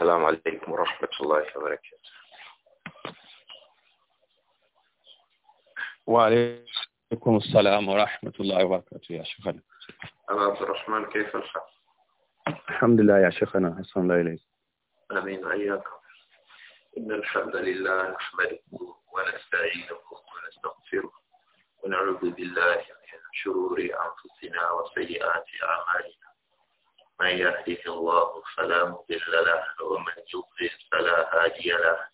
السلام عليكم ورحمة الله وبركاته وعليكم السلام ورحمة الله وبركاته يا شيخنا أنا عبد الرحمن كيف الحال؟ الحمد لله يا شيخنا حسن الله إليك آمين أياكم إن الحمد لله نحمده ونستعينه ونستغفره ونعوذ بالله من شرور أنفسنا وسيئات أعمالنا من يهده الله فلا مضل له ومن يضلل فلا هادي له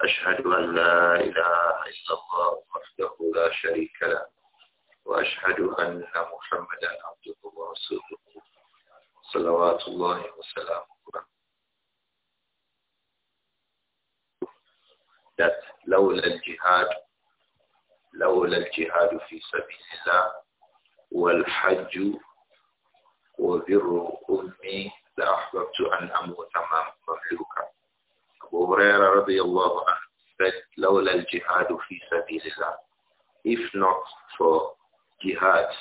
أشهد أن لا إله إلا الله وحده لا شريك له وأشهد أن محمدا عبده ورسوله صلوات الله وسلامه that لولا الجهاد لولا الجهاد في سبيل الله والحج وبر أمي لأحببت أن أموت مملوكا رضي الله عنه said لولا الجهاد في سبيل الله if not for jihad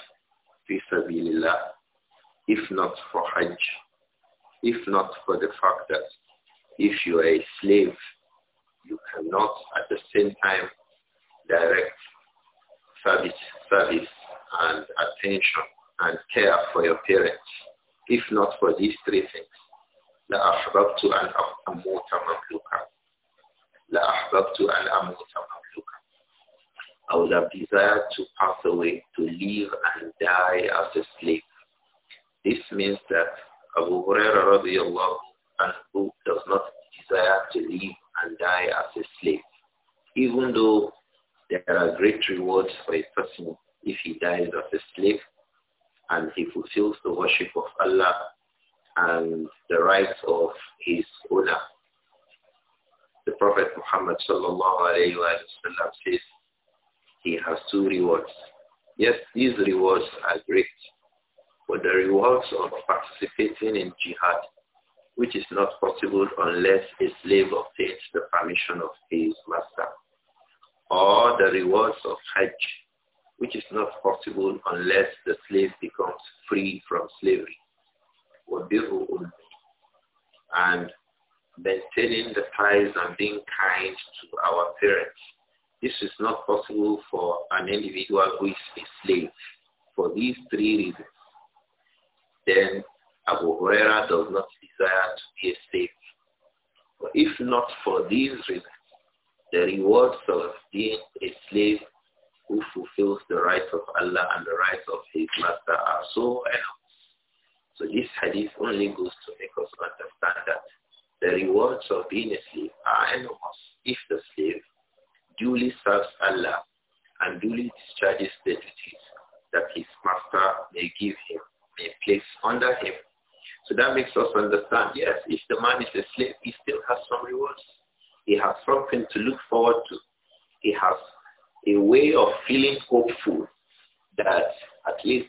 في سبيل الله if not for if not for the fact that if you are a slave you cannot at the same time direct service service and attention and care for your parents. If not for these three things, la ahbabtu an amuta mamluka. La ahbabtu an amuta mamluka. I would have desired to pass away, to live and die as a slave. This means that Abu Huraira radiallahu anhu does not desire to live and die as a slave. Even though there are great rewards for a person if he dies as a slave, and he fulfills the worship of Allah and the rights of his owner. The Prophet Muhammad sallallahu alayhi wa sallam says he has two rewards. Yes, these rewards are great, but the rewards of participating in jihad, which is not possible unless a slave obtains the permission of his master, or the rewards of hajj, which is not possible unless the slave becomes free from slavery. And maintaining the ties and being kind to our parents. This is not possible for an individual who is a slave for these three reasons. Then Abu Huraira does not desire to be a slave. But if not for these reasons, the rewards of being a slave who fulfills the rights of Allah and the rights of his master are so enormous. So this hadith only goes to make us understand that the rewards of being a slave are enormous if the slave duly serves Allah and duly discharges the duties that his master may give him, may place under him. So that makes us understand, yes, if the man is a slave, he still has some rewards. He has something to look forward to. He has a way of feeling hopeful that at least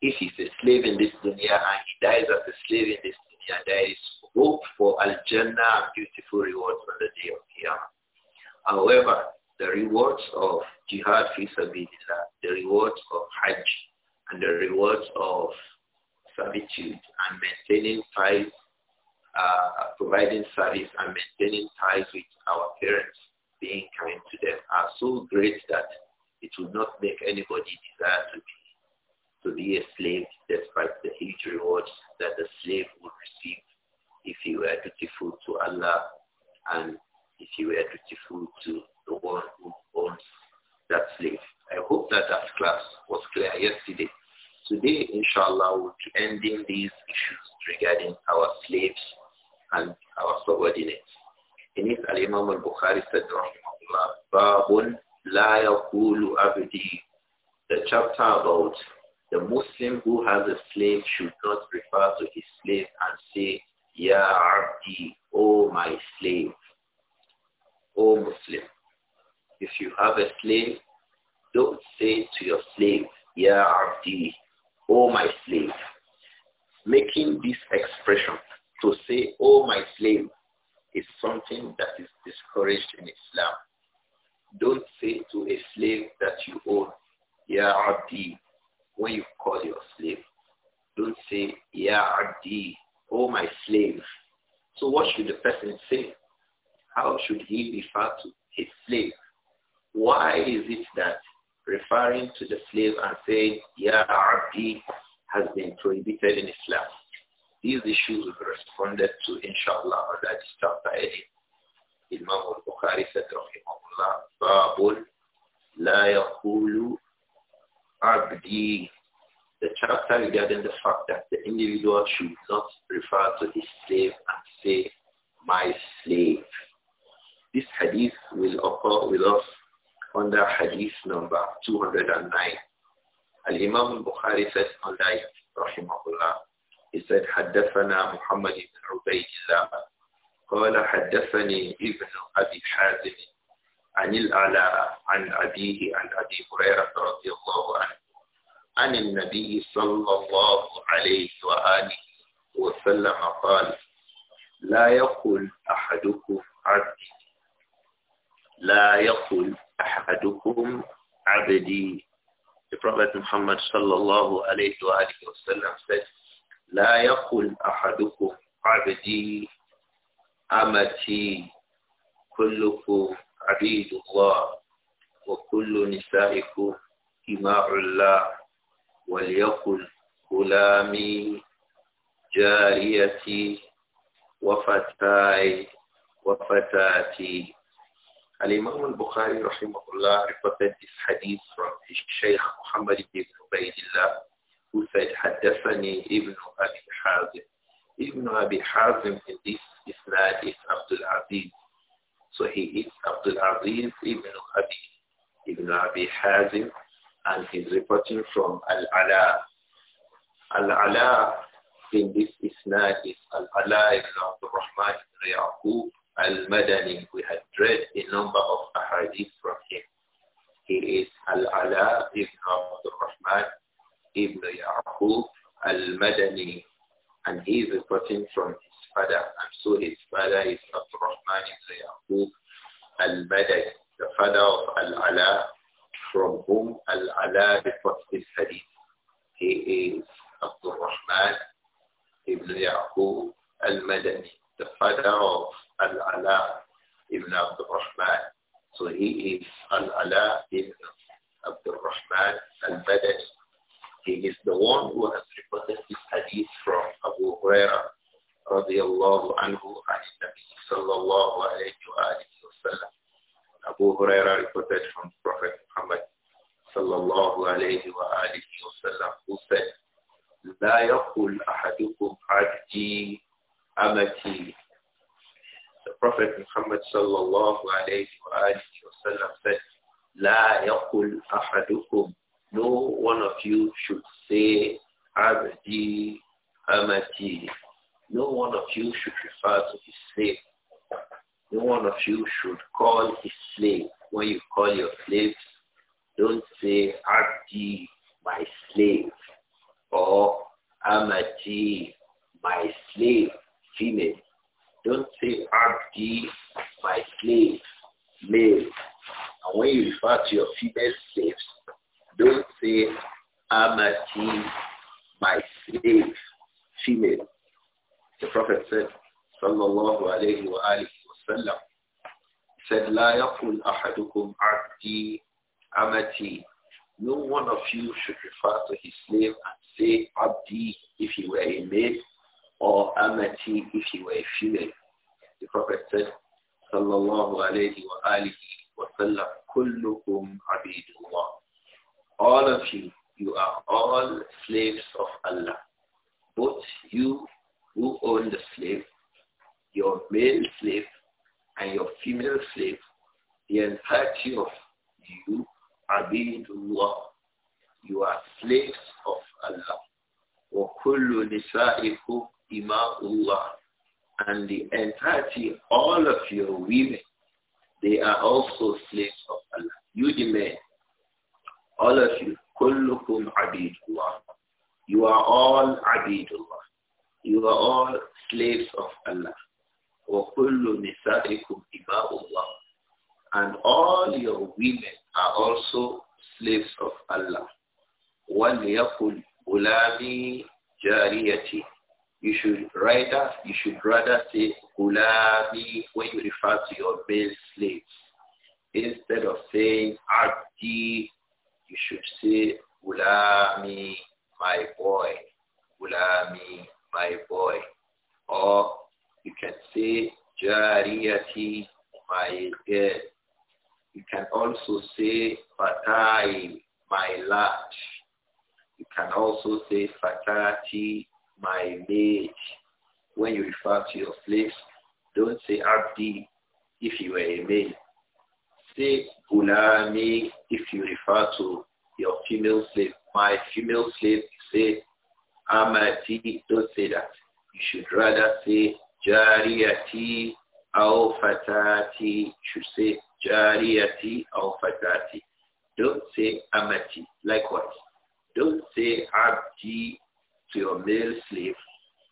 if he's a slave in this dunya and he dies as a slave in this dunya, there is hope for al-Jannah beautiful rewards on the day of Qiyamah. However, the rewards of jihad fi sabilillah, the rewards of hajj, and the rewards of servitude and maintaining ties, uh, providing service and maintaining ties with our parents being kind to them are so great that it will not make anybody desire to be to be a slave despite the huge rewards that the slave would receive if he were dutiful to Allah and if he were dutiful to the one who owns that slave. I hope that that class was clear yesterday. Today, inshallah, we'll be ending these issues regarding our slaves and our subordinates. In Al-Imam al-Bukhari said, Babun la abdi. The chapter about the Muslim who has a slave should not refer to his slave and say, Ya abdi, O oh my slave, O oh Muslim. If you have a slave, don't say to your slave, Ya abdi, O oh my slave. Making this expression to say, O my slave, is something that is discouraged in Islam. Don't say to a slave that you own, Ya Abdi, when you call your slave. Don't say, Ya Abdi, oh my slave. So what should the person say? How should he refer to his slave? Why is it that referring to the slave and saying, Ya Abdi, has been prohibited in Islam? These issues will be responded to, inshallah, on that chapter 8. Imam al-Bukhari said, Rahimahullah, Babul La Yaqulu Abdi. The chapter regarding the fact that the individual should not refer to his slave and say, my slave. This hadith will occur with us under hadith number 209. Al-Imam al Bukhari said, under rahimahullah, He said, حدثنا محمد بن عبيد الله قال حدثني ابن أبي حازم عن الأعلى عن أبيه عن أبي هريرة رضي الله عنه عن النبي صلى الله عليه وآله وسلم قال لا يقل أحدكم عبدي لا يقل أحدكم عبدي The Prophet Muhammad sallallahu alayhi wa وسلم said لا يقل أحدكم عبدي أمتي كلكم عبيد الله وكل نسائكم إماء الله وليقل غلامي جاريتي وفتاي وفتاتي الإمام البخاري رحمه الله رفضت الحديث من الشيخ محمد بن عبيد الله who said, Haddathani Ibn Abi Hazim. Ibn Abi Hazim in this isnad is Abdul Aziz. So he is Abdul Aziz Ibn Abi, Ibn Abi Hazim, and he's reporting from Al-Ala. Al-Ala in this isnad is Al-Ala Ibn Abdul Rahman Ibn Yaqub Al-Madani. We had read a number of ahadith from him. He is Al-Ala Ibn Abdul Rahman ibn Yaqub al-Madani. And he is a cousin from his father. And so his father is Abdurrahman ibn Yaqub al-Madani, the father of Al-Ala, from whom Al-Ala reports this hadith. He is Abdurrahman ibn Yaqub al-Madani, the father of Al-Ala ibn Abdurrahman. So he is Al-Ala ibn Abdurrahman al-Madani. He is the one who has reported this hadith from Abu Huraira radiallahu anhu and Nabi sallallahu alayhi wa sallam. Abu Huraira reported from Prophet Muhammad sallallahu alayhi wa alihi wa sallam who said, لا يقول أحدكم عبدي أمتي The Prophet Muhammad sallallahu alayhi wa alihi wa sallam said, لا يقول أحدكم no one of you should say Abdi, Amati. No one of you should refer to his slave. No one of you should call his slave. When you call your slaves, don't say Abdi, my slave, or Amati, my slave, female. Don't say Abdi, my slave, male. And when you refer to your female slaves, don't say Amati, my slave, female. The Prophet said, Sallallahu alayhi wa alihi said, لا يقول أحدكم عبدي Amati. No one of you should refer to his slave and say Abdi if he were a male or Amati if he were a female. The Prophet said, Sallallahu alayhi wa alihi wa sallam, كلكم عبيد الله all of you, you are all slaves of Allah. Both you who own the slave, your male slave and your female slave, the entirety of you are being Allah. You are slaves of Allah. وَكُلُّ نِسَائِكُمْ إِمَاءُ اللَّهِ And the entirety, all of your women, they are also slaves of Allah. You the men, all of you, kullukum abidullah. You are all abidullah. You are all slaves of Allah. Wa kullu nisaikum ibaullah. And all your women are also slaves of Allah. وَلْيَقُلْ غُلَامِي جَارِيَتِي You should rather, you should rather say غُلَامِي when you refer to your male slaves instead of saying abdi you should say, Gulami, my boy. Gulami, my boy. Or you can say, Jariati, my girl. You can also say, Fatai, my lad. You can also say, Fatati, my maid. When you refer to your slaves, don't say Abdi if you are a maid say Gulami if you refer to your female slave. My female slave, say Amati, don't say that. You should rather say Jariati or Fatati. You should say Jariati or Fatati. Don't say Amati. Likewise, don't say Abdi to your male slave.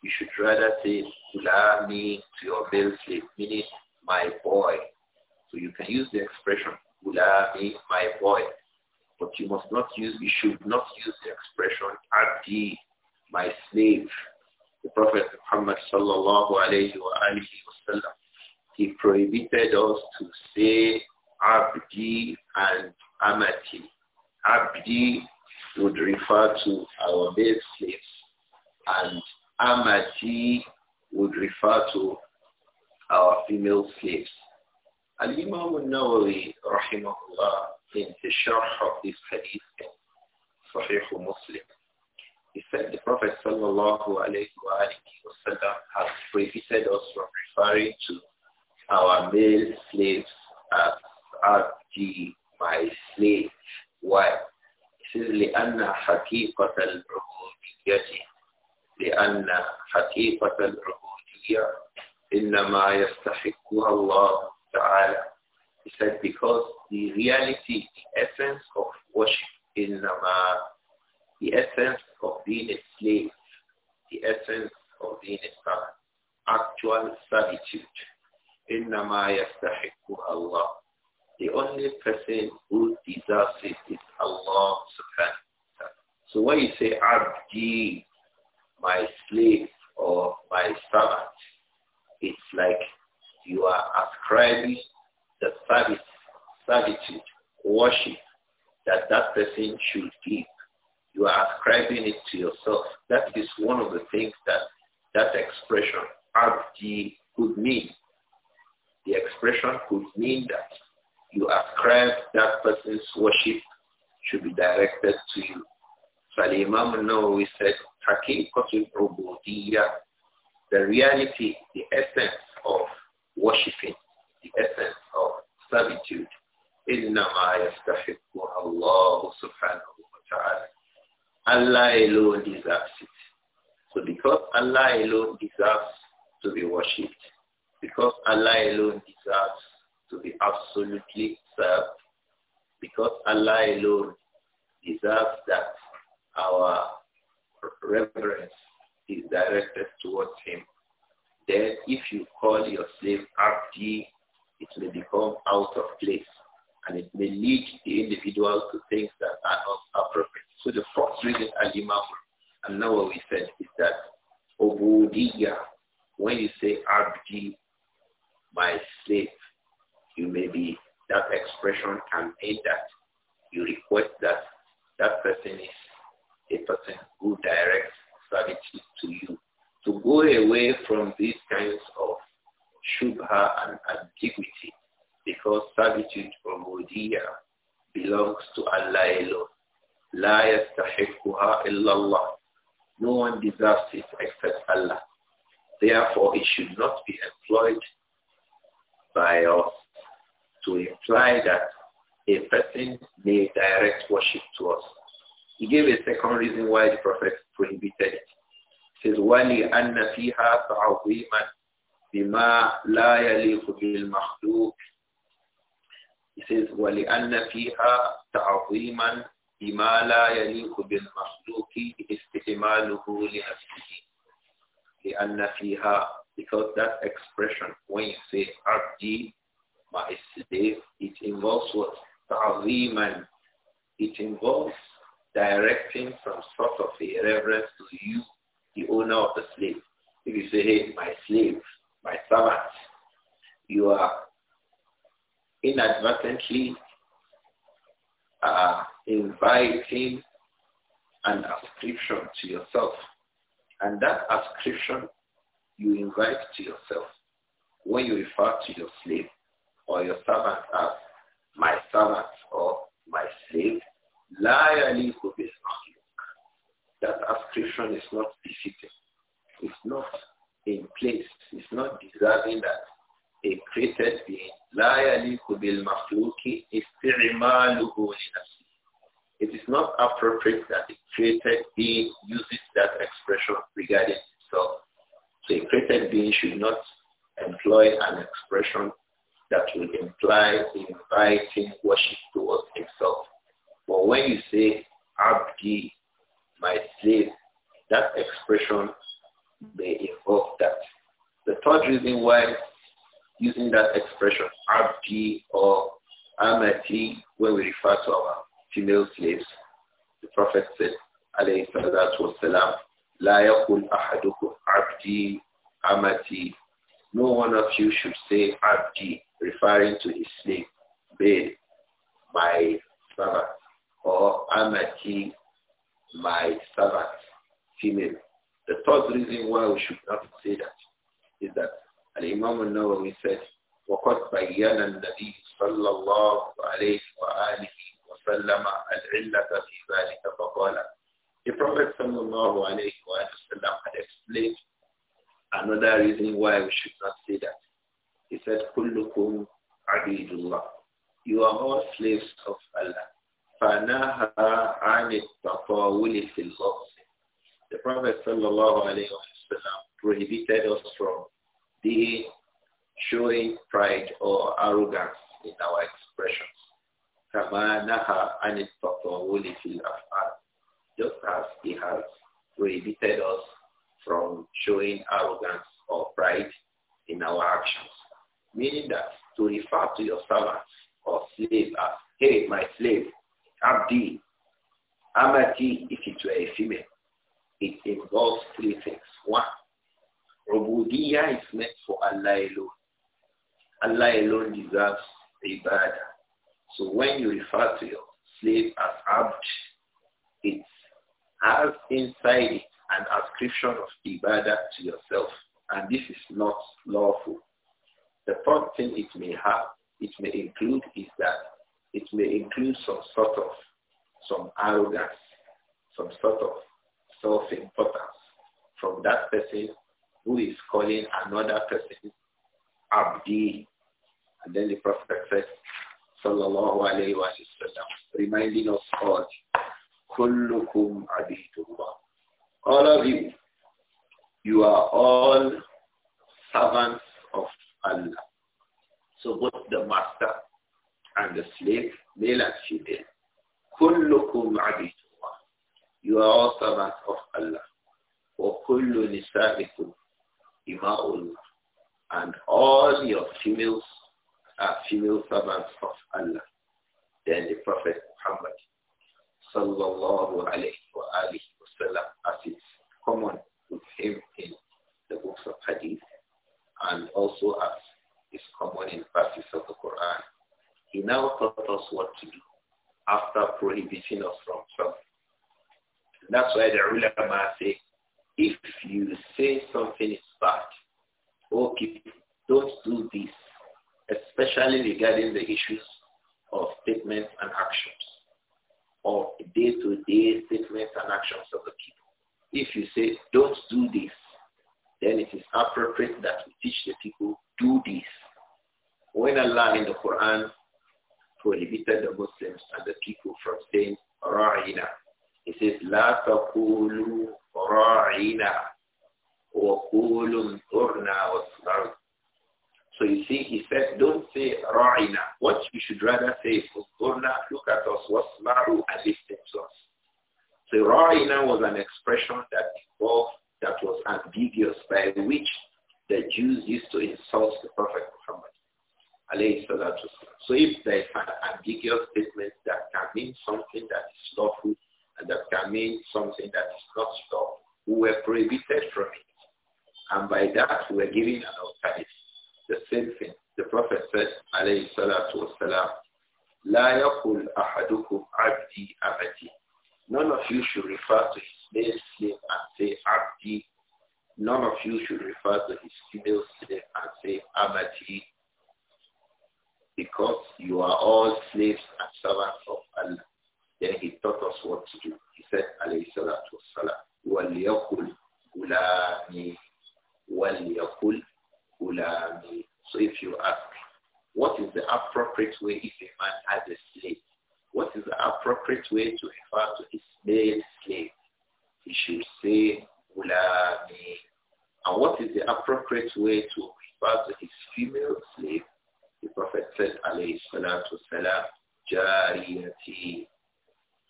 You should rather say Gulami to your male slave, meaning my boy, so you can use the expression, "ulami, my boy. But you must not use, you should not use the expression, Abdi, my slave. The Prophet Muhammad sallallahu alayhi wa alihi wa sallam, he prohibited us to say Abdi and Amati. Abdi would refer to our male slaves and Amati would refer to our female slaves he said the Prophet sallallahu alayhi wa has prohibited us from referring to our male slaves as abdi, my slave. Why? This لأن حقيقة العبودية لأن حقيقة العبودية إنما يستحقها الله ta'ala. He said, because the reality, the essence of worship is Nama, the essence of being a slave, the essence of being a servant, actual servitude. إِنَّمَا yastahiku Allah, The only person who deserves it is Allah subhanahu wa ta'ala. So when you say, Abdi, my slave or my servant, it's like you are ascribing the service, servitude, worship that that person should give. You are ascribing it to yourself. That is one of the things that that expression, abdi, could mean. The expression could mean that you ascribe that person's worship should be directed to you. So the Imam Nawawi said, the reality, the essence of worshipping the essence of servitude. Allah alone deserves it. So because Allah alone deserves to be worshipped, because Allah alone deserves to be absolutely served, because Allah alone deserves that our reverence is directed towards him then if you call your slave Abdi, it may become out of place and it may lead the individual to things that are not appropriate. So the first reason Al-Imam and now what we said is that Obudiyya, when you say Abdi, my slave, you may be, that expression can mean that you request that that person is a person who directs servitude to you to go away from these kinds of shubha and ambiguity because servitude from Udiya belongs to Allah alone. لا يستحقها إلا الله. No one deserves it except Allah. Therefore, it should not be employed by us to imply that a person may direct worship to us. He gave a second reason why the Prophet prohibited it. فِيهَا تَعْظِيمًا بِمَا لَا يَلِيقُ بِالْمَخْلُوقِ He says, وَلِأَنَّ فِيهَا تَعْظِيمًا بِمَا لَا يَلِيقُ بِالْمَخْلُوقِ اسْتِعْمَالُهُ لِنَفْسِهِ لِأَنَّ فِيهَا Because that expression, when you say abdi, my slave, it involves what? Ta'ziman. It involves directing some sort of a reverence to you the owner of the slave. If you say, hey, my slave, my servant, you are inadvertently uh, inviting an ascription to yourself. And that ascription you invite to yourself when you refer to your slave or your servant as my servant or my slave, لا يليق that ascription is not befitting. It's not in place. It's not deserving that a created being لا يليق بالمخلوق It is not appropriate that a created being uses that expression regarding itself. So a created being should not employ an expression that will imply inviting worship towards himself. But when you say abdi, my slave, that expression may evoke that. The third reason why using that expression, abdi or amati, when we refer to our female slaves, the Prophet said, alayhi salatu wasalam, la yakul ahadukum abdi amati. No one of you should say abdi, referring to his slave, babe, my servant, or amati, my servant, female. The third reason why we should not say that is that Al-Imam al-Nawawi said, وقد بين النبي صلى الله عليه وآله وسلم العلة في ذلك فقال The Prophet صلى الله عليه وآله وسلم had explained another reason why we should not say that. He said, كلكم عبيد الله. You are all slaves of Allah. فنهى عن التطاول في الغسل. The Prophet sallallahu alayhi wa prohibited us from being showing pride or arrogance in our expressions. كما نهى عن التطاول في الأفعال. Just as he has prohibited us from showing arrogance or pride in our actions. Meaning that to refer to your servants or slave as, hey, my slave, Abdi, Amati, if it were a female, it involves three things. One, Ubudiyya is meant for Allah alone. Allah alone deserves ibadah. So when you refer to your slave as abd, it has inside it an ascription of ibadah to yourself. And this is not lawful. The third thing it may have, it may include is that it may include some sort of, some arrogance, some sort of self-importance from that person who is calling another person Abdi. And then the Prophet says, Sallallahu Alaihi Wasallam, reminding us all, Kullukum Abidullah. All of you, you are all servants of Allah. So what the master and the slave, male and female. كلكم عبيد You are all servants of Allah. وكل نسائكم إماء الله. And all your females are female servants of Allah. Then the Prophet Muhammad sallallahu alayhi wa alihi wasallam as it's common with him in the books of hadith and also as is common in verses of the Quran he now taught us what to do after prohibiting us from something. That's why the ulama say, if you say something is bad, okay, oh, don't do this, especially regarding the issues of statements and actions, or day-to-day -day statements and actions of the people. If you say, don't do this, then it is appropriate that we teach the people, do this. When Allah in the Quran prohibited the Muslims and the people from saying ra'ina. He says, لا تقولوا رَاعِنَا وَقُولُوا انْظُرْنَا وَاسْمَعُوا So you see, he said, don't say ra'ina. What you should rather say is انْظُرْنَا, look at us, وَاسْمَعُوا, and listen to us. So ra'ina was an expression that involved, that was ambiguous, by which the Jews used to insult the Prophet Muhammad, alayhi salatu so if there is an ambiguous statement that can mean something that is lawful and that can mean something that is not lawful, we were prohibited from it. And by that, we were given an alternative. The same thing. The Prophet said, alayhi salatu wasalam, لا يقول أحدكم عبدي أبدي. None of you should refer to his male slave and say abdi. None of you should refer to his female slave and say amati because you are all slaves and servants of Allah. Then he taught us what to do. He said, alayhi salatu wassalam, وَلْيَقُلْ غُلَامِي وَلْيَقُلْ غُلَامِي So if you ask, what is the appropriate way if a man has a slave? What is the appropriate way to refer to his male slave? He should say, غُلَامِي And what is the appropriate way to refer to his female slave? The Prophet said, alayhi salatu salam, jariyati,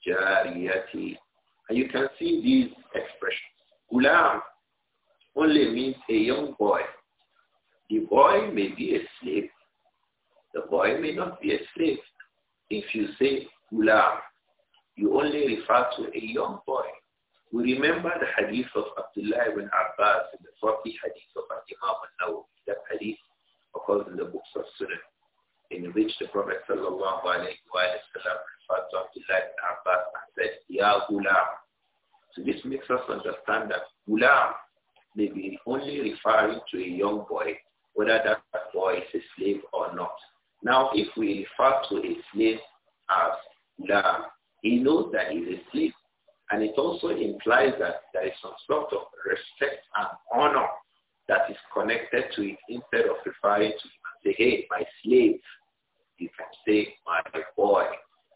jariyati. And you can see these expressions. Gulam only means a young boy. The boy may be a slave. The boy may not be a slave. If you say gulam, you only refer to a young boy. We remember the hadith of Abdullah ibn Abbas in the 40 hadith of Imam al-Nawawi. That hadith According to the books of Sunnah, in which the Prophet sallallahu alayhi wa sallam referred to Abdullah ibn Abbas and said, Ya Ghulam. So this makes us understand that Ghulam may be only referring to a young boy, whether that boy is a slave or not. Now, if we refer to a slave as Ghulam, he knows that he's a slave. And it also implies that there is some sort of respect and honor that is connected to it instead of referring to him and say, hey, my slave. You can say, my boy.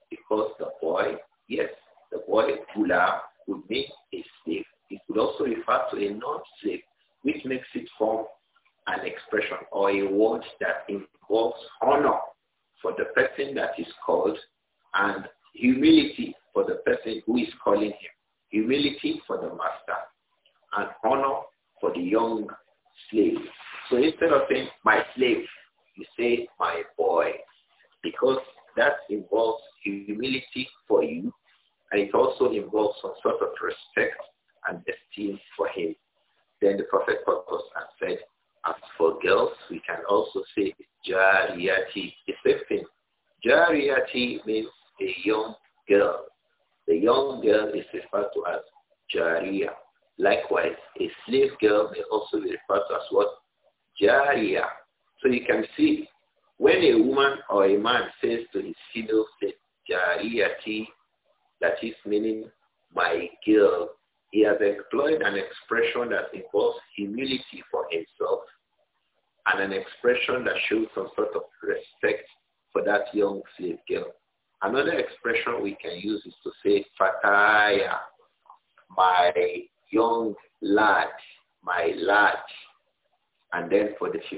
Because the boy, yes, the boy, Gula, would mean a slave. It could also refer to a non-slave, which makes it form an expression or a word that in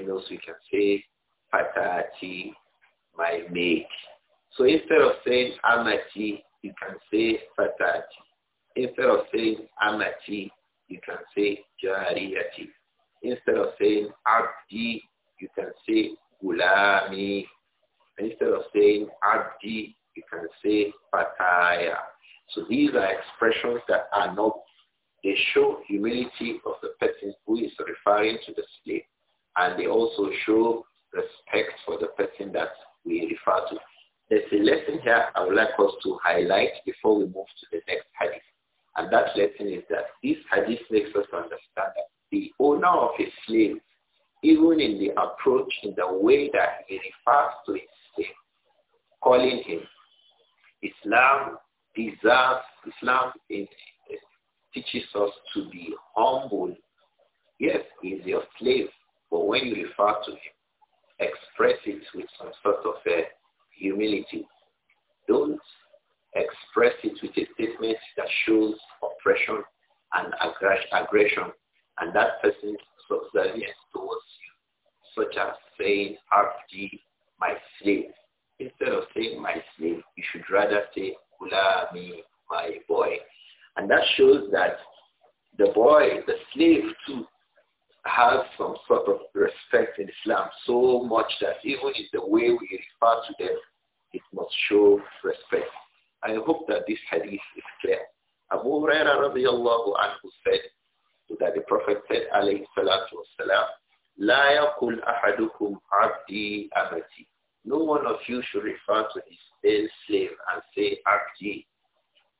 those weekends. makes us understand that the owner of a slave, even in the approach, in the way that he refers to his slave, calling him Islam deserves, Islam is, eh, teaches us to be humble. Yes, he's your slave, but when you refer to him, express it with some sort of a eh, humility. Don't express it with a statement that shows oppression and aggression and that person's subservience towards you, such as saying, RPG, my slave. Instead of saying my slave, you should rather say, me my boy. And that shows that the boy, the slave too, has some sort of respect in Islam so much that even in the way we refer to them, it must show respect. I hope that this hadith is clear. Abu Huraira radiallahu anhu said that the Prophet said, alayhi salatu wasalam, لا يقل أحدكم عبدي أمتي. No one of you should refer to his male slave and say abdi,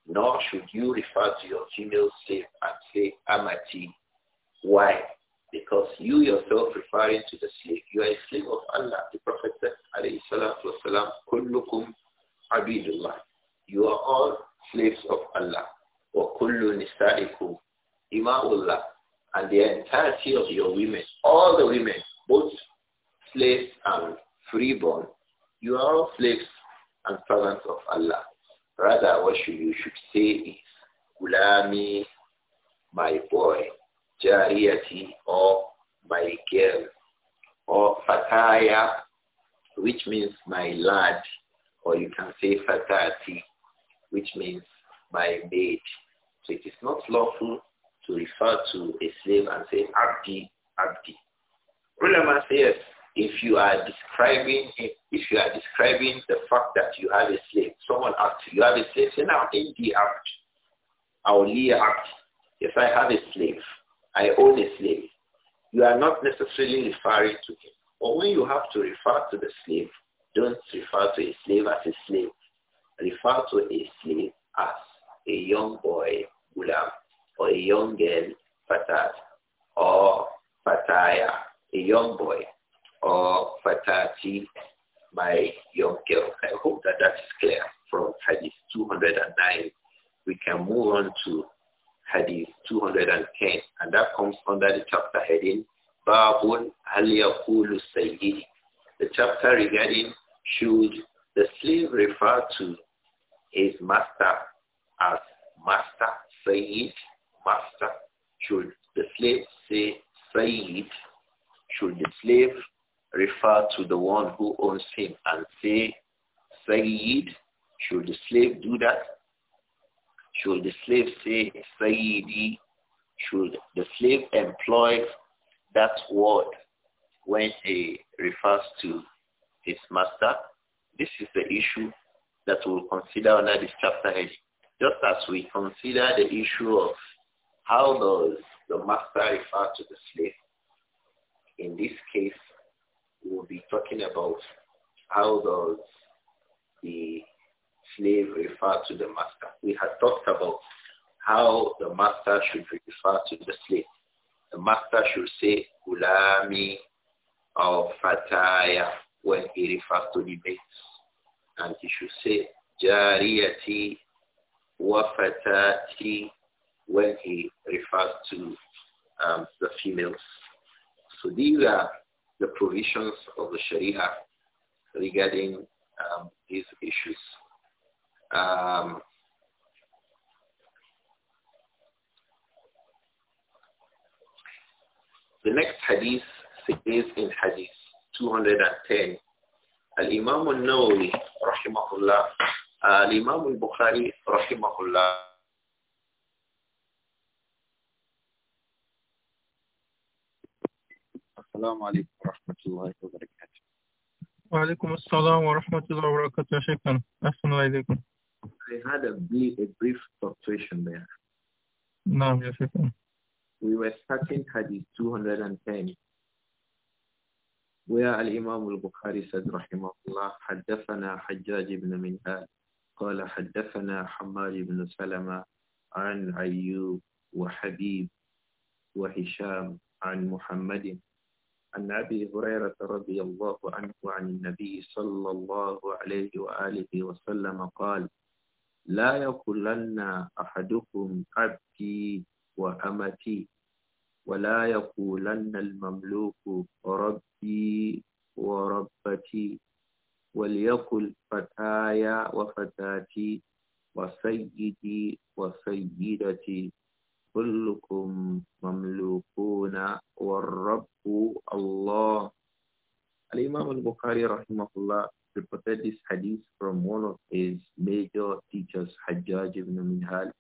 nor should you refer to your female slave and say amati. Why? Because you yourself referring to the slave, you are a slave of Allah. The Prophet said, alayhi salatu wasalam, kullukum abidullah. You are all slaves of Allah. وَكُلُّ نِسَائِكُمْ إِمَاءُ And the entirety of your women, all the women, both slaves and freeborn, you are all slaves and servants of Allah. Rather, what should you should say is, Gulami, my boy, Jariyati, or my girl, or Fataya, which means my lad, or you can say Fatati, which means by maid. So it is not lawful to refer to a slave and say Abdi, Abdi. Ulama says if you are describing if you are describing the fact that you have a slave, someone asks you, you have a slave, say now Indi Abdi, Aulia Abdi. Yes, I have a slave. I own a slave. You are not necessarily referring to him. But when you have to refer to the slave, don't refer to a slave as a slave. Refer to a slave as a young boy, or a young girl, fatat, or fataya, a young boy, or fatati, my young girl. I hope that that is clear from Hadith 209. We can move on to Hadith 210, and that comes under the chapter heading Babun Aliyakulu Sayyid. The chapter regarding should the slave refer to his master as master, Sayyid, master. Should the slave say Sayyid? Should the slave refer to the one who owns him and say Sayyid? Should the slave do that? Should the slave say Sayyidi? Should the slave employ that word when he refers to his master? This is the issue that we'll consider under this chapter heading. Just as we consider the issue of how does the master refer to the slave, in this case, we'll be talking about how does the slave refer to the master. We had talked about how the master should refer to the slave. The master should say ulami or fataya when he refers to the mates. And he should say jariyati wafatati when he refers to um, the females. So these are the provisions of the Sharia regarding um, these issues. Um, the next hadith says in hadith 210, Al-Imam al-Nawawi, rahimahullah, الإمام البخاري رحمه الله السلام عليكم ورحمة الله وبركاته وعليكم السلام ورحمة الله وبركاته شكرا أحسن الله إليكم I had a brief, a brief situation there. نعم يا شكرا We were starting Hadith 210 where ويا الإمام البخاري سيد رحمه الله حدثنا حجاج بن منهال قال حدثنا حماد بن سلمة عن أيوب وحبيب وهشام عن محمد عن أبي هريرة رضي الله عنه عن النبي صلى الله عليه وآله وسلم قال لا يقولن أحدكم عبدي وأمتي ولا يقولن المملوك ربي وربتي وليقل فتايا وفتاتي وسيدي وسيدتي كلكم مملوكون والرب الله Al-Imam al-Bukhari rahimahullah reported this hadith from one of his major teachers, Hajjaj ibn Minhal.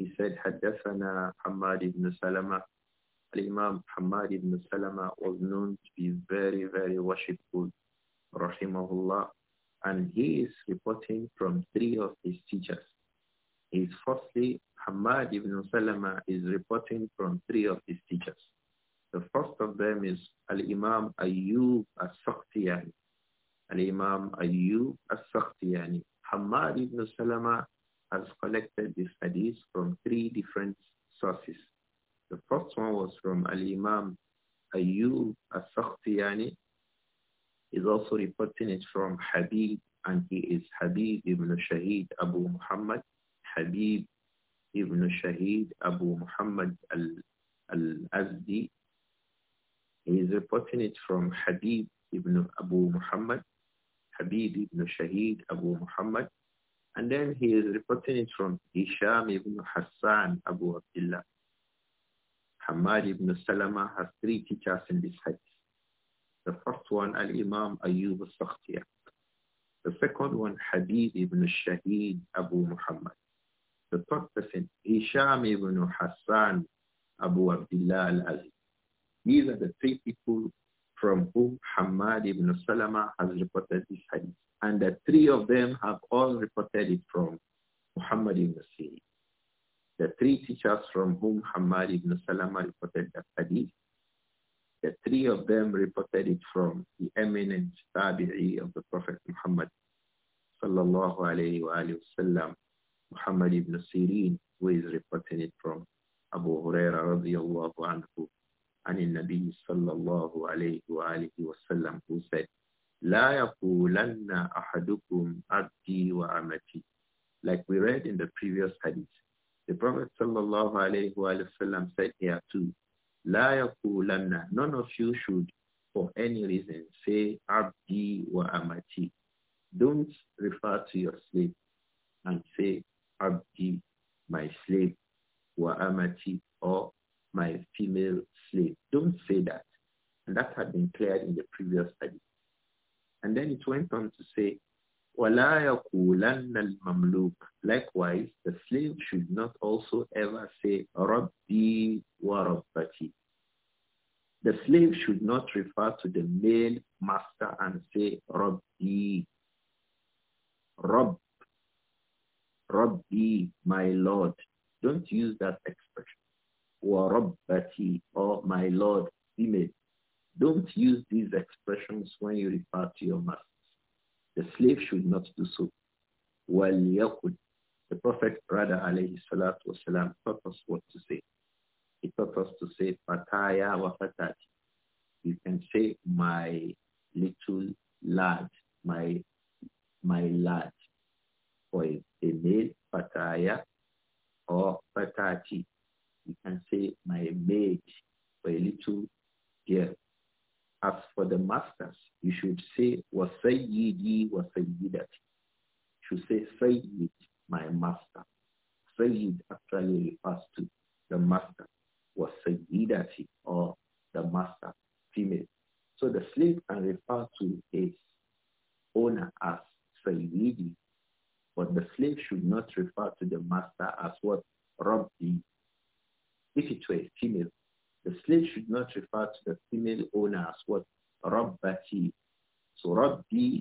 He said, حدثنا Hamad ibn Salama. Al-Imam Hamad ibn Salama was known to be very, very worshipful rahimahullah, and he is reporting from three of his teachers. His firstly, Hamad ibn Salama is reporting from three of his teachers. The first of them is Al-Imam Ayyub al-Sakhtiyani. Al-Imam Ayyub al-Sakhtiyani. Hamad ibn Salama has collected this hadith from three different sources. The first one was from Al-Imam Ayyub al-Sakhtiyani is also reporting it from Habib, and he is Habib ibn Shahid Abu Muhammad, Habib ibn Shahid Abu Muhammad al-Azdi. He is reporting it from Habib ibn Abu Muhammad, Habib ibn Shahid Abu Muhammad, and then he is reporting it from Hisham ibn Hassan Abu Abdullah. Hamad ibn Salama has three teachers in this hadith. The first one, Al-Imam Ayyub al-Sakhtiyah. The second one, Habib ibn Shahid Abu Muhammad. The third person, Hisham ibn Hassan Abu Abdullah al-Aziz. These are the three people from whom Hamad ibn Salama has reported this hadith. And the three of them have all reported it from Muhammad ibn Sirin. The three teachers from whom Hamad ibn Salama reported that hadith the three of them reported it from the eminent tabi'i of the Prophet Muhammad sallallahu alayhi wa sallam, Muhammad ibn Sirin, who is reporting it from Abu Huraira radiallahu anhu, and in Nabi sallallahu alayhi wa alihi wa sallam, who said, لا يقولن أحدكم عبدي وأمتي. Like we read in the previous hadith, the Prophet sallallahu alayhi wa sallam said here too, none of you should for any reason say abdi wa amati don't refer to your slave and say abdi my slave wa amati or my female slave don't say that and that had been cleared in the previous study and then it went on to say وَلَا يَقُولَنَّ الْمَمْلُوكِ Likewise, the slave should not also ever say, Rabbi or Rabbati. The slave should not refer to the male master and say, Rabbi. Rabb. Rabbi, my Lord. Don't use that expression. Or Rabbati, or my Lord, female. Don't use these expressions when you refer to your master. The slave should not do so. وَلْيَقُلْ The Prophet, rather, alayhi salatu wasallam, taught us what to say. He taught us to say, "Pataya wa fatati. You can say, my little lad, my my lad, for a, male, "Pataya," or Fatati. You can say, my maid, for a little girl, as for the masters, you should say wasayyidi wasayyidati. You should say sayyid, my master. Sayyid actually refers to the master. Wasayyidati or the master, female. So the slave can refer to his owner as sayyidi, but the slave should not refer to the master as what Rabbi. If it were a female, the slave should not refer to the female owner as what? Rabbati. So Rabbi,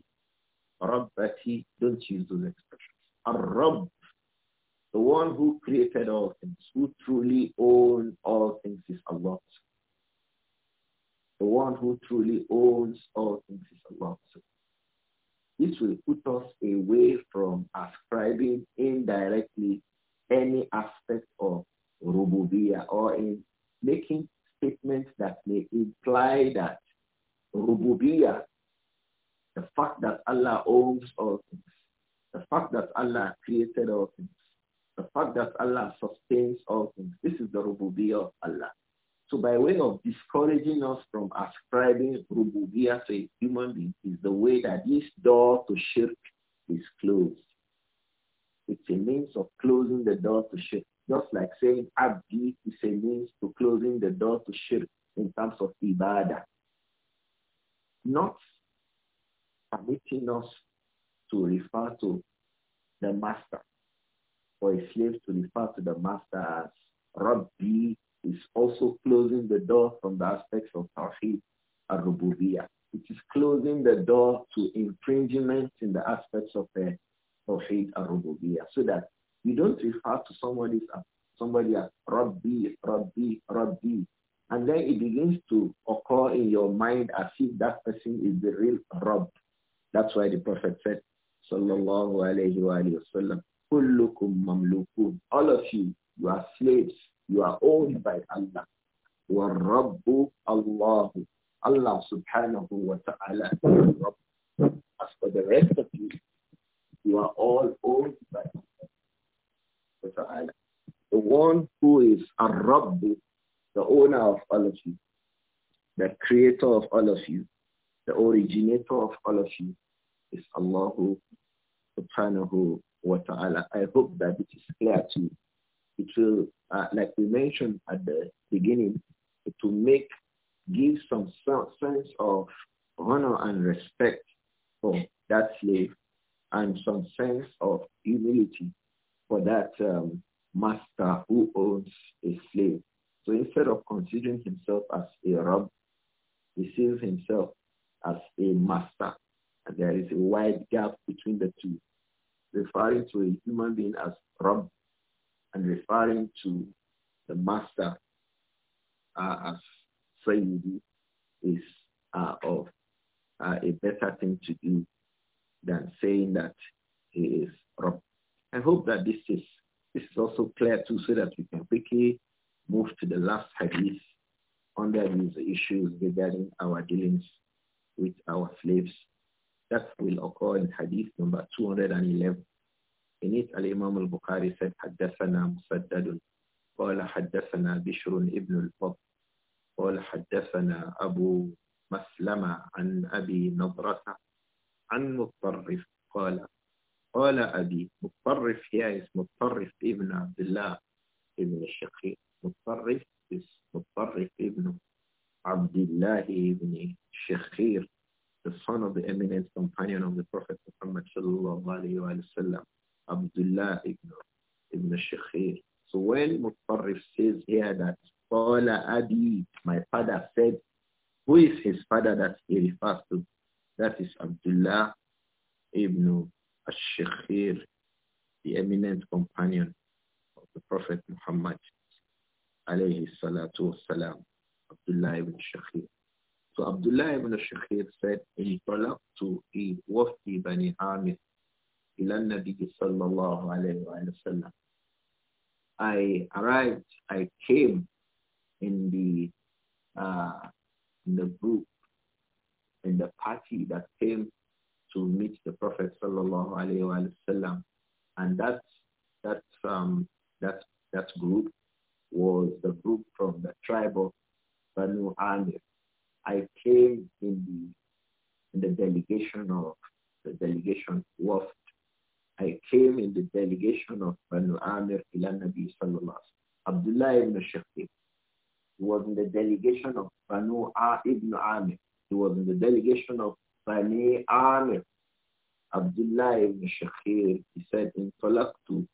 Rabbati, don't use those expressions. Ar-Rabb, the one who created all things, who truly owns all things is Allah. The one who truly owns all things is Allah. This will put us away from ascribing indirectly any aspect of rububiya or in making statements that may imply that rububiya, the fact that Allah owns all things, the fact that Allah created all things, the fact that Allah sustains all things. This is the rububiya of Allah. So by way of discouraging us from ascribing rububiya to a human being is the way that this door to shirk is closed. It's a means of closing the door to shirk. Just like saying abdi is a means closing the door to shirk in terms of ibadah. Not permitting us to refer to the master for a slave to refer to the master as Rabbi is also closing the door from the aspects of Tawheed al-Rububiyah. It is closing the door to infringement in the aspects of the Tawheed al-Rububiyah so that you don't refer to somebody as somebody as Rabbi, Rabbi, Rabbi. And then it begins to occur in your mind as if that person is the real Rabb. That's why the Prophet said, Sallallahu Alaihi Wasallam, Kullukum All of you, you are slaves. You are owned by Allah. وَالرَّبُّ اللَّهُ Allah subhanahu wa ta'ala. As for the rest of you, you are all owned by Allah the one who a Rabbi, the owner of all of you, the creator of all of you, the originator of all of you, is Allah subhanahu wa ta'ala. I hope that it is clear to you. It will, uh, like we mentioned at the beginning, to make, give some sense of honor and respect for that slave and some sense of humility for that um, master who owns a slave. So instead of considering himself as a rob, he sees himself as a master. And there is a wide gap between the two, referring to a human being as rob and referring to the master uh, as Sayyidi is uh, of uh, a better thing to do than saying that he is rob. I hope that this is this is also clear too so that we can quickly move to the last hadith under these issues regarding our dealings with our slaves. That will occur in hadith number 211. In it, Al-Imam al-Bukhari said, حدثنا مسدد قال حدثنا بشر ابن الفضل قال حدثنا أبو مسلمة عن أبي نضرة عن مضطرف قال Qala Abi. Mutarrif here is Mutarrif ibn Abdullah ibn Shaqi. Mutarrif is Mutarrif ibn Abdullah ibn Shakhir, the son of the eminent companion of the Prophet Muhammad sallallahu alayhi wa sallam, Abdullah ibn, ibn Shakhir. So when Mutarrif says here that Qala Abi, my father said, who is his father that he refers to? That is Abdullah ibn Ash-Shakhir, the eminent companion of the Prophet Muhammad, alayhi salatu wasalam, Abdullah ibn Shakhir. So Abdullah ibn Shakhir said, "In the إِي of بَنِي عَامِرٍ إِلَى النَّبِيِّ صَلَّى اللَّهُ عَلَيْهِ وَسَلَّمَ I arrived, I came in the, uh, in the group, in the party that came to meet the Prophet sallallahu alaihi wasallam, and that that um, that that group was the group from the tribe of Banu Amir. I came in the in the delegation of the delegation Waft. I came in the delegation of Banu Amir ila Nabi sallallahu Abdullah ibn Shaqiq. He was in the delegation of Banu A ibn Amir. He was in the delegation of Bani Amir. Abdullah ibn Shakhir, he said, in Talaqtu,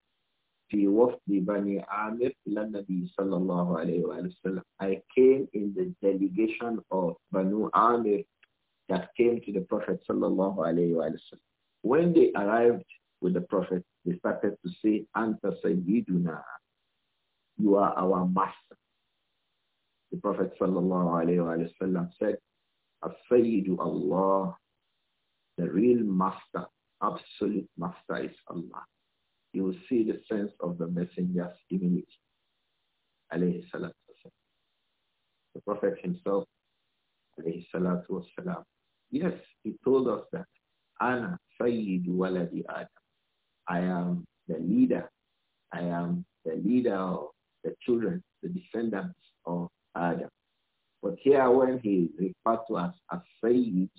fi wafdi Bani Amir, ila Nabi sallallahu alayhi wa sallam. I came in the delegation of Banu Amir that came to the Prophet sallallahu alayhi wa sallam. When they arrived with the Prophet, they started to say, Anta Sayyiduna, you are our master. The Prophet sallallahu alayhi wa sallam said, as-Sayyidu Allah. The real master, absolute master is Allah. You will see the sense of the messenger's divinity. Alayhi salatu The Prophet himself, alayhi salatu wasalam. Yes, he told us that. Ana Sayyidu waladi Adam. I am the leader. I am the leader of the children, the descendants of Adam. But here when he referred to as As-Sayyid,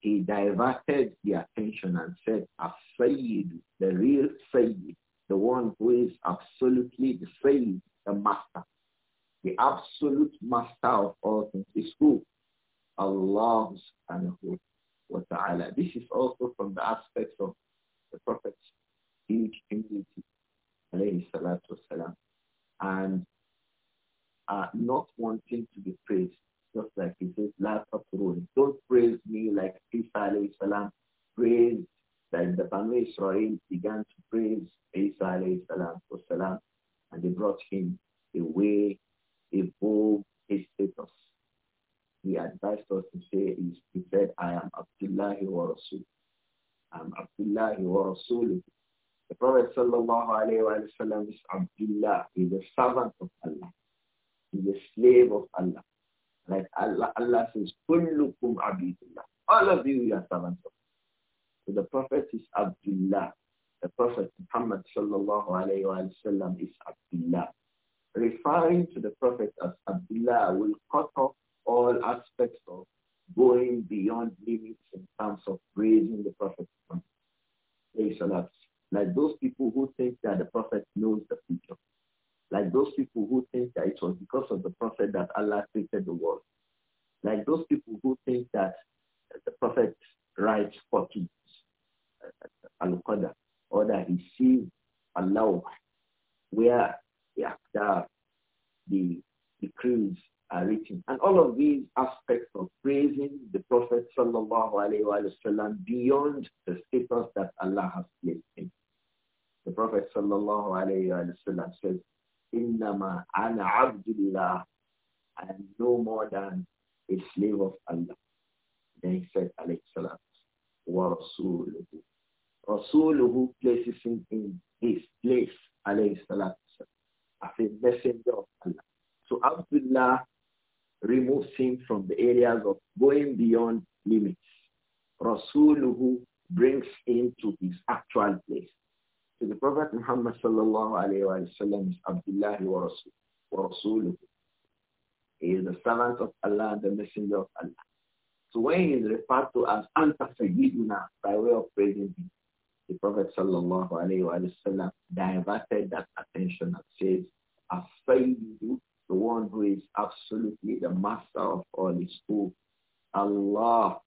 he diverted the attention and said As-Sayyid, the real Sayyid, the one who is absolutely the Sayyid, the master. The absolute master of all things is who? Allah subhanahu wa ta'ala. This is also from the aspects of the Prophet's huge humility, alayhi salatu wasalam, and are not wanting to be praised, just like he says, last of Don't praise me like Isa salam praised, like the Banu Israel began to praise Isa salam and they brought him away above his status. He advised us to say, he said, I am Abdullah wa Rasul. I'm Abdullah wa Rasul. The Prophet sallallahu alayhi wa sallam is Abdullah. He's a servant of Allah is a slave of Allah. Like Allah, Allah says, Kullukum abidullah. All of you are servants of Allah. So the Prophet is Abdullah. The Prophet Muhammad sallallahu alayhi wa sallam is Abdullah. Referring to the Prophet as Abdullah will cut off all aspects of going beyond limits in terms of praising the Prophet. Like those people who think that the Prophet knows the future. Like those people who think that it was because of the prophet that Allah created the world. Like those people who think that the prophet writes Portuguese, uh, Al-Qadr, or that he sees Allah, where the Akhdar, the decrees are written. And all of these aspects of praising the Prophet sallallahu alayhi wasallam beyond the status that Allah has placed him. The Prophet sallallahu alayhi wasallam says, areas of going beyond limits. Rasuluhu brings him to his actual place. So the Prophet Muhammad sallallahu alayhi wa sallam is Abdullah wa, Rasul, Rasuluhu. He is the servant of Allah, the messenger of Allah. So when he is referred to as Anta Sayyiduna by way of praising him, the Prophet sallallahu alayhi wa sallam diverted that attention and says, As-Sayyidu the one who is absolutely the master of all is school. Allah.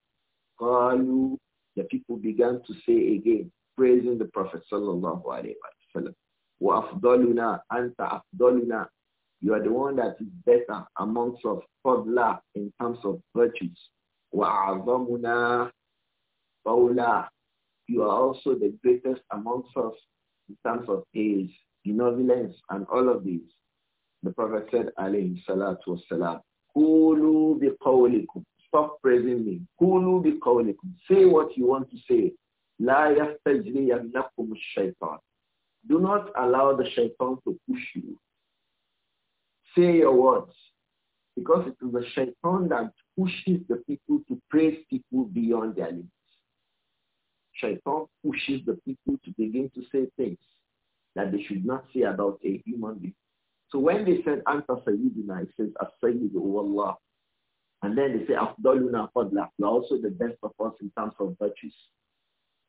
Qalu, the people began to say again, praising the Prophet sallallahu alayhi wa sallam. وَأَفْضَلُنَا أَنْتَ You are the one that is better amongst us, Fadla, in terms of virtues. Wa وَأَعْظَمُنَا فَوْلَا You are also the greatest amongst us in terms of age, benevolence, and all of these. The Prophet said, alayhi salatu wassalam, Kulu biqawlikum. Stop praising me. Kulu biqawlikum. Say what you want to say. La yaftajliyannakum shaytan. Do not allow the shaitan to push you. Say your words. Because it is the shaitan that pushes the people to praise people beyond their limits. Shaitan pushes the people to begin to say things that they should not say about a human being. So when they said, Anta Sayyidina, it says, As-Sayyidu Allah. And then they say, Afdaluna Fadla. You are also the best of us in terms of virtues.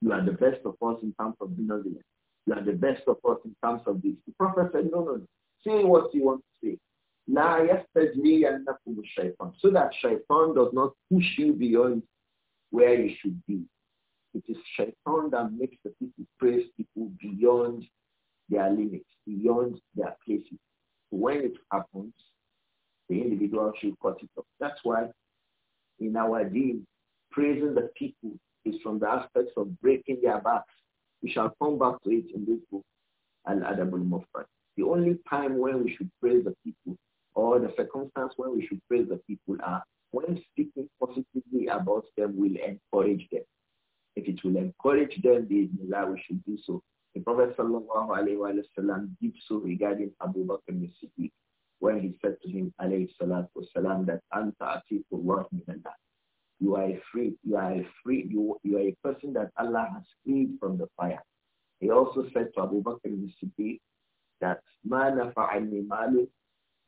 You are the best of us in terms of benevolence. You are the best of us in terms of this. The Prophet said, no, no, say what you want to say. La yastajliyannakum shaitan. So that shaitan does not push you beyond where you should be. It is shaitan that makes the people praise people beyond their limits, beyond their places when it happens, the individual should cut it off. That's why in our deal, praising the people is from the aspects of breaking their backs. We shall come back to it in this book, Al-Adabul Mufrad. The only time when we should praise the people or the circumstance when we should praise the people are when speaking positively about them will encourage them. If it will encourage them, we should do so. The Prophet sallallahu alayhi wa sallam did so regarding Abu Bakr al-Siddiq when he said to him alayhi salatu wasalam that Anta Atiqullah min Allah. You are free, you are free, you, you are a person that Allah has freed from the fire. He also said to Abu Bakr al-Siddiq that ma nafa'ani malu,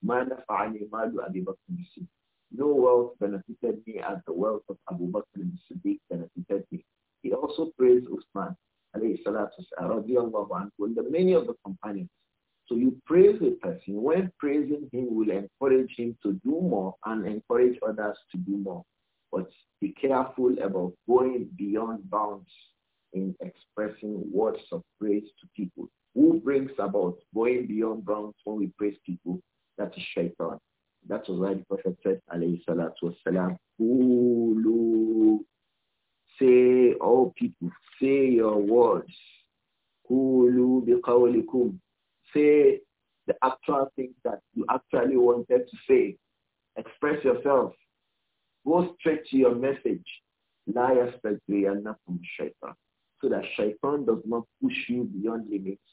ma nafa'ani malu Abu Bakr al-Siddiq. No wealth benefited me as the wealth of Abu Bakr al-Siddiq benefited me. He also praised Usman and the many of the companions. So you praise a person. When praising him will encourage him to do more and encourage others to do more. But be careful about going beyond bounds in expressing words of praise to people. Who brings about going beyond bounds when we praise people? That is shaitan. That was why the Prophet said, alayhi salatu wasalam, Say, all people, say your words. Say the actual things that you actually wanted to say. Express yourself. Go straight to your message. La yastagriyanakum shaitan. So that shaitan does not push you beyond limits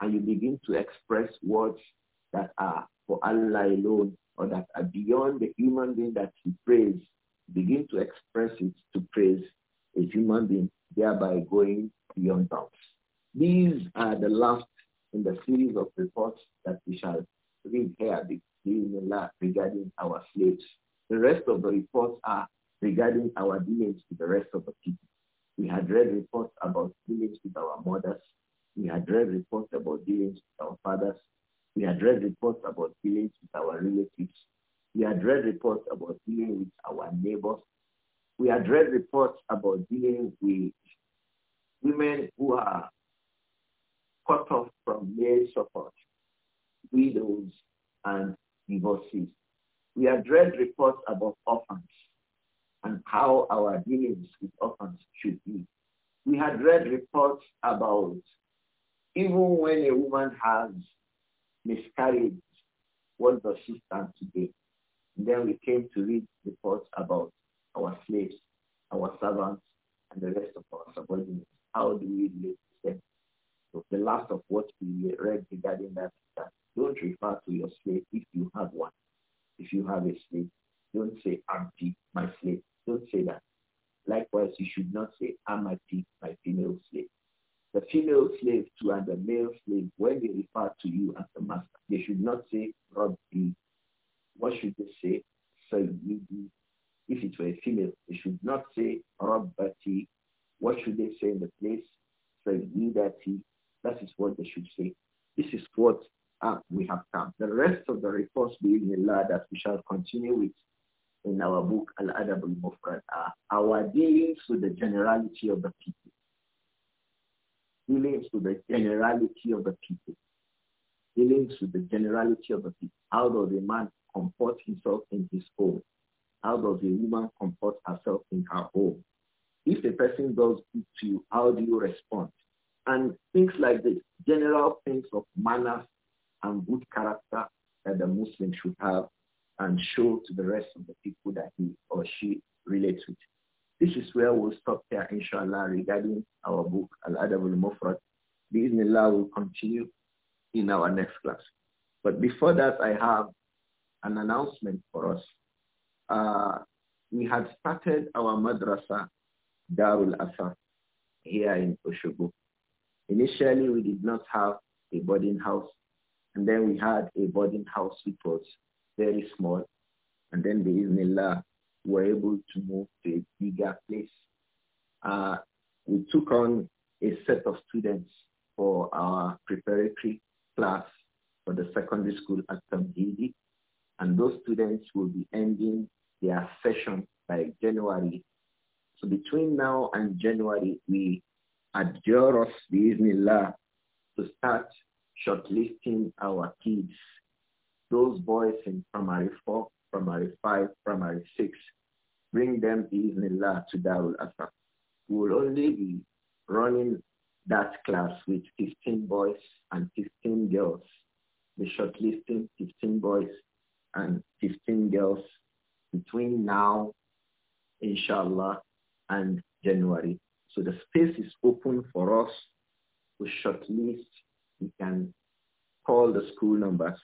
and you begin to express words that are for Allah alone or that are beyond the human being that he prays. Begin to express it to praise a human being, thereby going beyond bounds. These are the last in the series of reports that we shall read here regarding our slaves. The rest of the reports are regarding our dealings with the rest of the people. We had read reports about dealings with our mothers. We had read reports about dealings with our fathers. We had read reports about dealings with our relatives. We had read reports about dealing with our neighbors we had read reports about dealing with women who are cut off from male support, widows, and divorces. We had read reports about orphans and how our dealings with orphans should be. We had read reports about even when a woman has miscarried, what does she stand today? And then we came to read reports about our slaves, our servants, and the rest of our subordinates. How do we relate to them? So the last of what we read regarding that is that don't refer to your slave if you have one. If you have a slave, don't say "I'm deep, my slave. Don't say that. Likewise, you should not say "I'm a deep, my female slave. The female slave too and the male slave, when they refer to you as the master, they should not say Rabbi. What should they say? you. If it were a female, they should not say Rabbati. What should they say in the place? Sayyidati. That is what they should say. This is what uh, we have come. The rest of the reports being in law that we shall continue with in our book Al-Adab al-Mufrad are our dealings with the generality of the people. Dealings with the generality of the people. Dealings with the generality of the people. How does a man comport himself in his home? How does a woman comport herself in her home? If a person does it to you, how do you respond? And things like this, general things of manners and good character that the Muslim should have and show to the rest of the people that he or she relates with. This is where we'll stop here, inshallah, regarding our book, Al-Adab al-Mufrad. Bismillah will continue in our next class. But before that, I have an announcement for us. Uh, we had started our madrasa, Darul Asa here in Oshobo. Initially, we did not have a boarding house. And then we had a boarding house which was very small. And then the Iznillah were able to move to a bigger place. Uh, we took on a set of students for our preparatory class for the secondary school at Tamhidi. And those students will be ending their session by January. So between now and January, we adjure us, biiznillah, to start shortlisting our kids, those boys in primary four, primary five, primary six, bring them biiznillah to Darul Asaf. We will only be running that class with 15 boys and 15 girls. The shortlisting 15 boys and 15 girls between now, inshallah, and January. So the space is open for us to shortlist. We can call the school numbers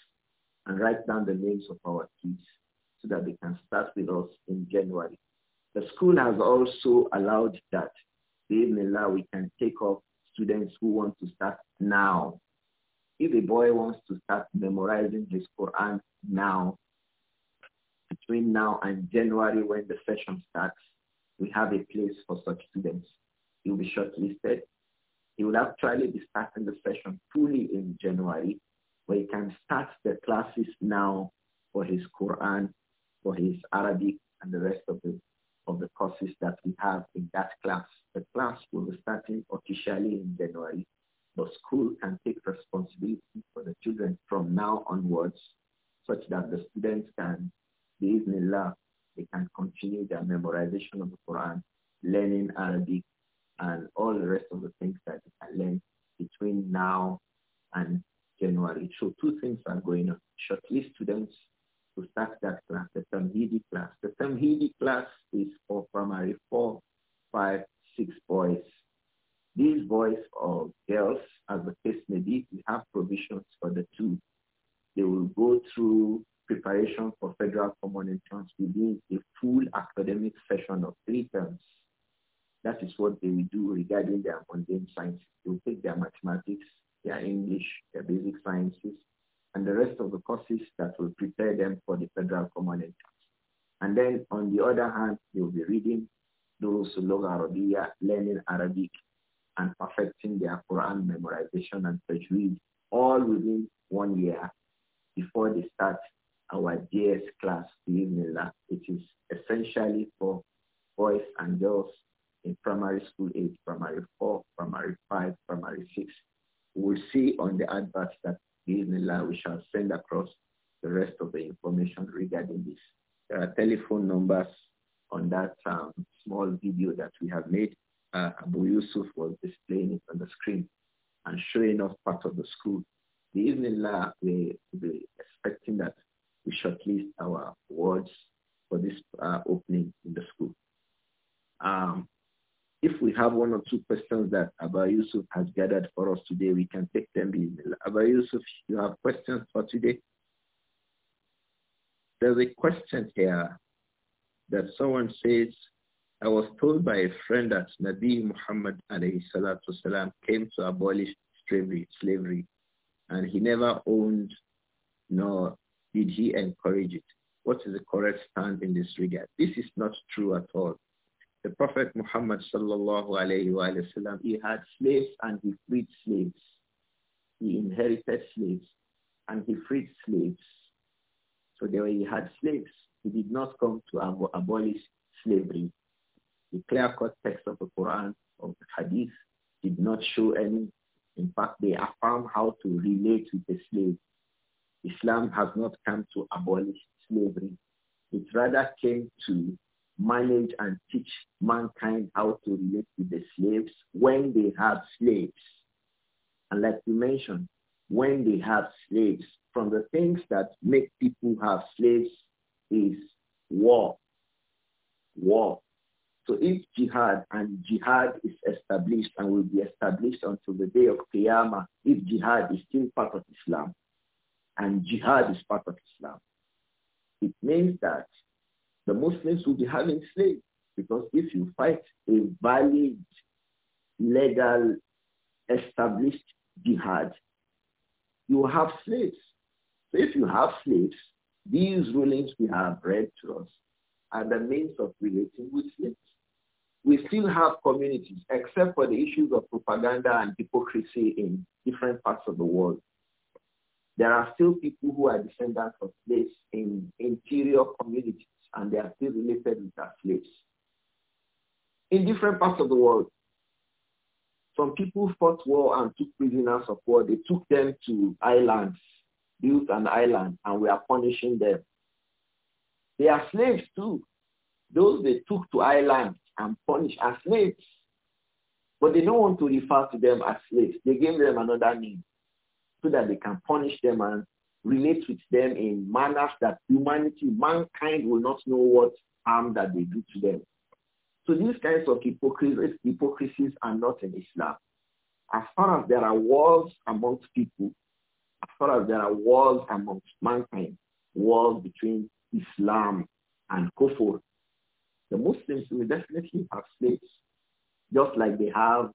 and write down the names of our kids so that they can start with us in January. The school has also allowed that, Bismillah, we can take off students who want to start now. If a boy wants to start memorizing his Quran now, between now and January when the session starts, we have a place for such students. He will be shortlisted. He will actually be starting the session fully in January, where he can start the classes now for his Quran, for his Arabic, and the rest of the of the courses that we have in that class. The class will be starting officially in January, but school can take responsibility for the children from now onwards such that the students can Bismillah, they can continue their memorization of the Quran, learning Arabic, and all the rest of the things that they can learn between now and January. So two things are going on. Shortlist students to start that class, the Tamhidi class. The Tamhidi class is for primary four, five, six boys. These boys or girls, as the case may be, we have provisions for the two. They will go through preparation for federal common entrance be a full academic session of three terms. That is what they will do regarding their mundane science. They will take their mathematics, their English, their basic sciences, and the rest of the courses that will prepare them for the federal common entrance. And then on the other hand, they will be reading Durusulog Arabiya, learning Arabic, and perfecting their Quran memorization and tajweed all within one year before they start our DS class, Bismillah, which is essentially for boys and girls in primary school age, primary four, primary five, primary six. We'll see on the advert that lab we shall send across the rest of the information regarding this. There are telephone numbers on that um, small video that we have made. Uh, Abu Yusuf was displaying it on the screen and showing off part of the school. the lab, we will be expecting that we shortlist our words for this uh, opening in the school. Um, if we have one or two questions that Abba Yusuf has gathered for us today, we can take them in. Abba Yusuf, you have questions for today? There's a question here that someone says, I was told by a friend that Nabi Muhammad والسلام, came to abolish slavery, slavery, and he never owned nor did he encourage it? What is the correct stand in this regard? This is not true at all. The Prophet Muhammad sallallahu alayhi wa sallam, he had slaves and he freed slaves. He inherited slaves and he freed slaves. So there he had slaves. He did not come to abolish slavery. The clear-cut text of the Quran, of the Hadith, did not show any. In fact, they affirm how to relate with the slave Islam has not come to abolish slavery. It rather came to manage and teach mankind how to relate to the slaves when they have slaves. And like me mentioned, when they have slaves, from the things that make people have slaves is war. War. So if jihad and jihad is established and will be established until the day of Qiyamah, if jihad is still part of Islam, and jihad is part of Islam. It means that the Muslims will be having slaves because if you fight a valid, legal, established jihad, you have slaves. So if you have slaves, these rulings we have read to us are the means of relating with slaves. We still have communities, except for the issues of propaganda and hypocrisy in different parts of the world. There are still people who are descendants of slaves in interior communities, and they are still related with their slaves. In different parts of the world, some people fought war and took prisoners of war. They took them to islands, built an island, and we are punishing them. They are slaves too. Those they took to islands and punished are slaves. But they don't want to refer to them as slaves. They gave them another name so that they can punish them and relate with them in manners that humanity, mankind will not know what harm that they do to them. So these kinds of hypocrisies, hypocrisies are not in Islam. As far as there are wars amongst people, as far as there are wars amongst mankind, wars between Islam and Kufr, the Muslims will definitely have slaves, just like they have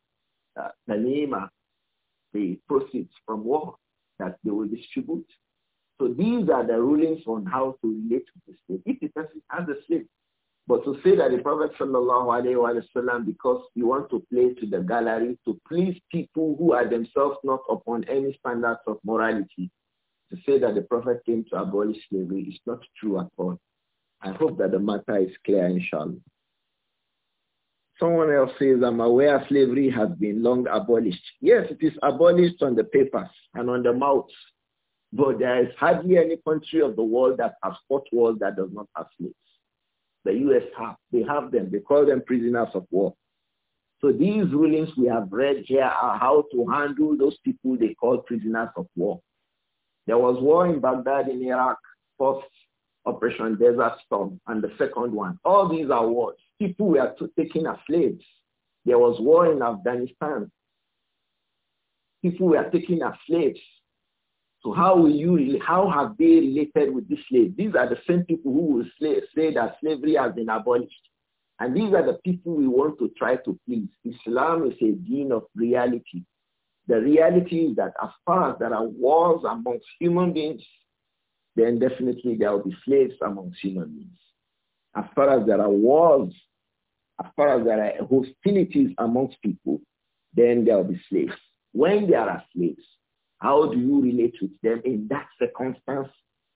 uh, Tanima, the proceeds from war that they will distribute. So these are the rulings on how to relate to the slave. It the person the slave. But to say that the Prophet wasallam, because you want to play to the gallery to please people who are themselves not upon any standards of morality, to say that the Prophet came to abolish slavery is not true at all. I hope that the matter is clear, inshallah. Someone else says, I'm aware slavery has been long abolished. Yes, it is abolished on the papers and on the mouths. But there is hardly any country of the world that has fought wars that does not have slaves. The U.S. have. They have them. They call them prisoners of war. So these rulings we have read here are how to handle those people they call prisoners of war. There was war in Baghdad in Iraq first Operation Desert Storm, and the second one. All these are wars. People were taken as slaves. There was war in Afghanistan. People were taken as slaves. So how will you, how have they related with this slave? These are the same people who will say, say that slavery has been abolished. And these are the people we want to try to please. Islam is a dean of reality. The reality is that as far as there are wars amongst human beings, then definitely there will be slaves among human beings. As far as there are wars, as far as there are hostilities amongst people, then there will be slaves. When there are slaves, how do you relate with them in that circumstance,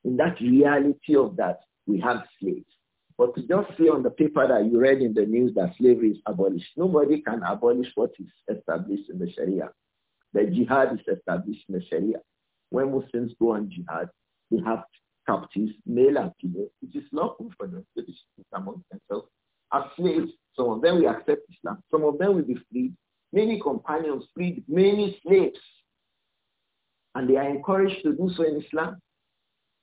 in that reality of that we have slaves? But to just say on the paper that you read in the news that slavery is abolished, nobody can abolish what is established in the Sharia. The jihad is established in the Sharia. When Muslims go on jihad, they have captives, male and female. It is lawful for them to be among themselves. As slaves, some of them will accept Islam. Some of them will be freed. Many companions freed many slaves. And they are encouraged to do so in Islam.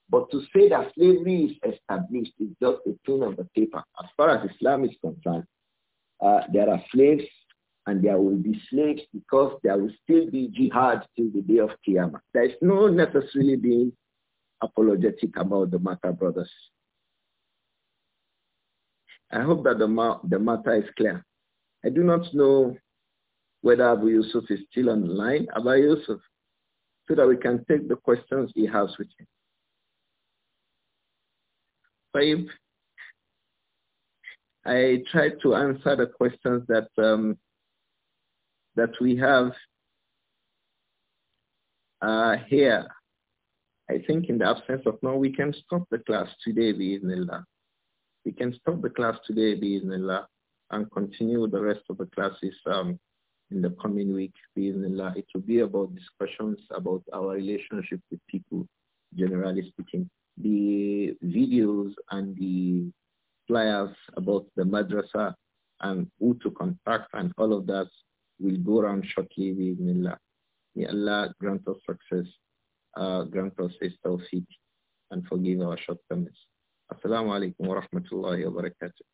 But to say that slavery is established is just a thing of the paper. As far as Islam is concerned, uh, there are slaves and there will be slaves because there will still be jihad till the day of Qiyamah. There is no necessarily being apologetic about the matter, brothers. I hope that the, ma the matter is clear. I do not know whether Abu Yusuf is still online. Abu Yusuf, so that we can take the questions he has with him. Five, I tried to answer the questions that um, that we have uh, here I think in the absence of no, we can stop the class today, bi'idhnillah. We can stop the class today, bi'idhnillah, and continue the rest of the classes um, in the coming week, bi'idhnillah. It will be about discussions about our relationship with people, generally speaking. The videos and the flyers about the madrasa and who to contact and all of that will go around shortly, bi'idhnillah. May Allah grant us success uh, grant us his tawfiq and forgive our shortcomings. Assalamu alaikum wa rahmatullahi wa barakatuh.